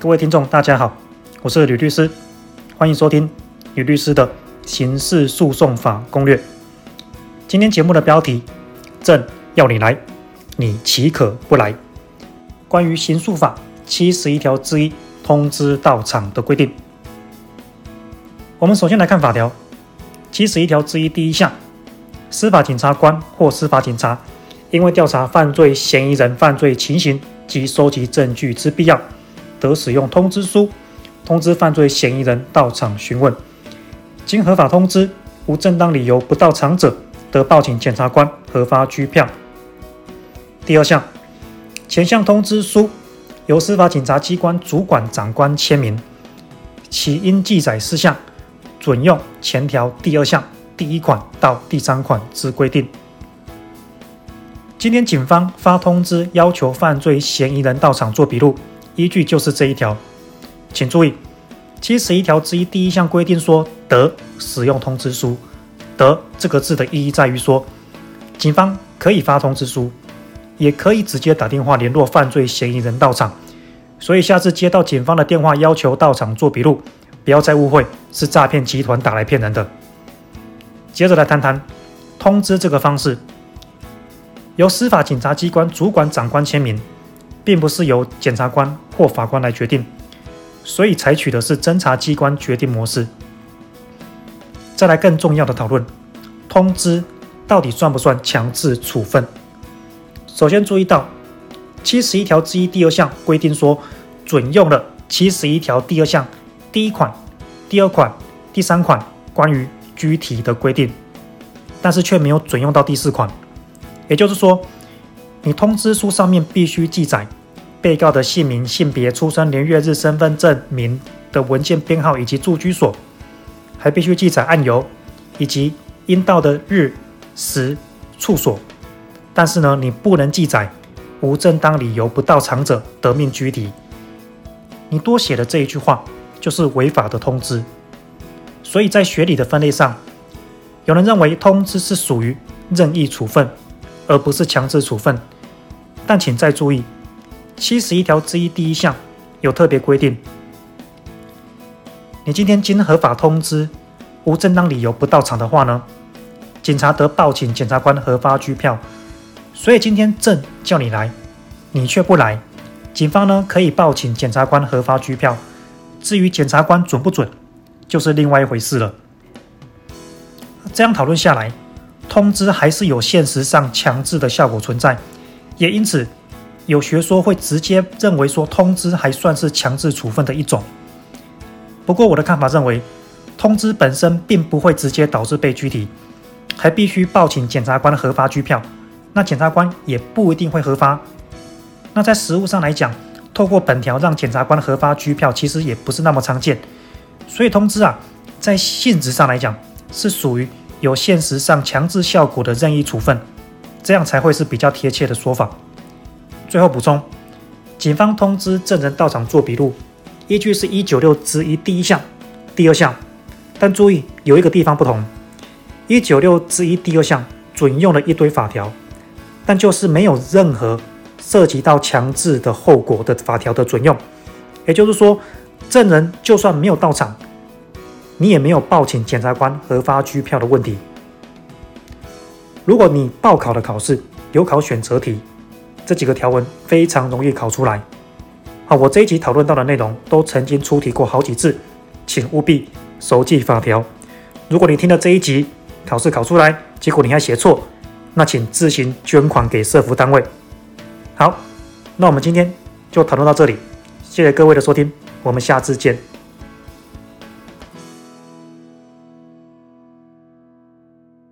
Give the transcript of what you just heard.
各位聽眾，大家好，我是呂律師，歡迎收聽呂律師的《刑事訴訟法攻略》。今天節目的標題：朕要你來，你豈可不來？關於刑訴法七十一條之一通知到場的規定，我們首先來看法條七十一條之一第一項：司法警察官或司法警察，因為調查犯罪嫌疑人犯罪情形及收集證據之必要，得使用通知書通知犯罪嫌疑人到場詢問，經合法通知，無正當理由不到場者，得報請檢察官核發拘票。第二項，前項通知書由司法警察機關主管長官簽名，其應記載事項，準用前條第二項第一款到第三款之規定。今天警方發通知要求犯罪嫌疑人到場做筆錄。依據就是這一條，請注意七十一條之一第一項規定說得使用通知書，得這個字的意義在於說，警方可以發通知書，也可以直接打電話聯絡犯罪嫌疑人到場。所以下次接到警方的電話要求到場做筆錄，不要再誤會是詐騙集團打來騙人的。接着來談談通知這個方式，由司法警察機關主管長官簽名。並不是由檢察官或法官來決定，所以採取的是偵查機關決定模式。再來更重要的討論，通知到底算不算強制處分？首先注意到七十一條之一第二項規定說準用了七十一條第二項第一款、第二款、第三款關於具體的規定，但是卻沒有準用到第四款。也就是說，你通知書上面必須記載。被告的姓名、性別、出生年月日、身份證明的文件編號以及住居所，還必須記載案由以及應到的日時處所。但是呢，你不能記載無正當理由不到場者得命拘提。你多寫的這一句話就是違法的通知。所以在學理的分類上，有人認為通知是屬於任意處分，而不是強制處分。但請再注意。七十一條之一第一項有特別規定，你今天經合法通知，無正當理由不到場的話呢，警察得報請檢察官核发拘票。所以今天朕叫你來，你卻不來，警方呢可以報請檢察官核发拘票。至於檢察官准不准，就是另外一回事了。這樣討論下來，通知還是有現實上強制的效果存在，也因此。有學說會直接認為說通知還算是強制處分的一種，不過我的看法認為，通知本身並不會直接導致被拘提，還必須報請檢察官核發拘票，那檢察官也不一定會核發。那在實務上來講，透過本條讓檢察官核發拘票，其實也不是那麼常見，所以通知啊，在性質上來講，是屬於有現實上強制效果的任意處分，這樣才會是比較貼切的說法。最後補充，警方通知證人到場做筆錄，依據是《一九六之一》第一項、第二項。但注意有一個地方不同，《一九六之一》第二項準用了一堆法條，但就是沒有任何涉及到強制的後果的法條的準用。也就是說，證人就算沒有到場，你也沒有報請檢察官核發拘票的問題。如果你報考的考試有考選擇題，這幾個條文非常容易考出來，好，我這一集討論到的內容都曾經出題過好幾次，請務必熟記法條。如果你聽了這一集考試考出來，結果你還寫錯，那請自行捐款給社福單位。好，那我們今天就討論到這裡，謝謝各位的收聽，我們下次見。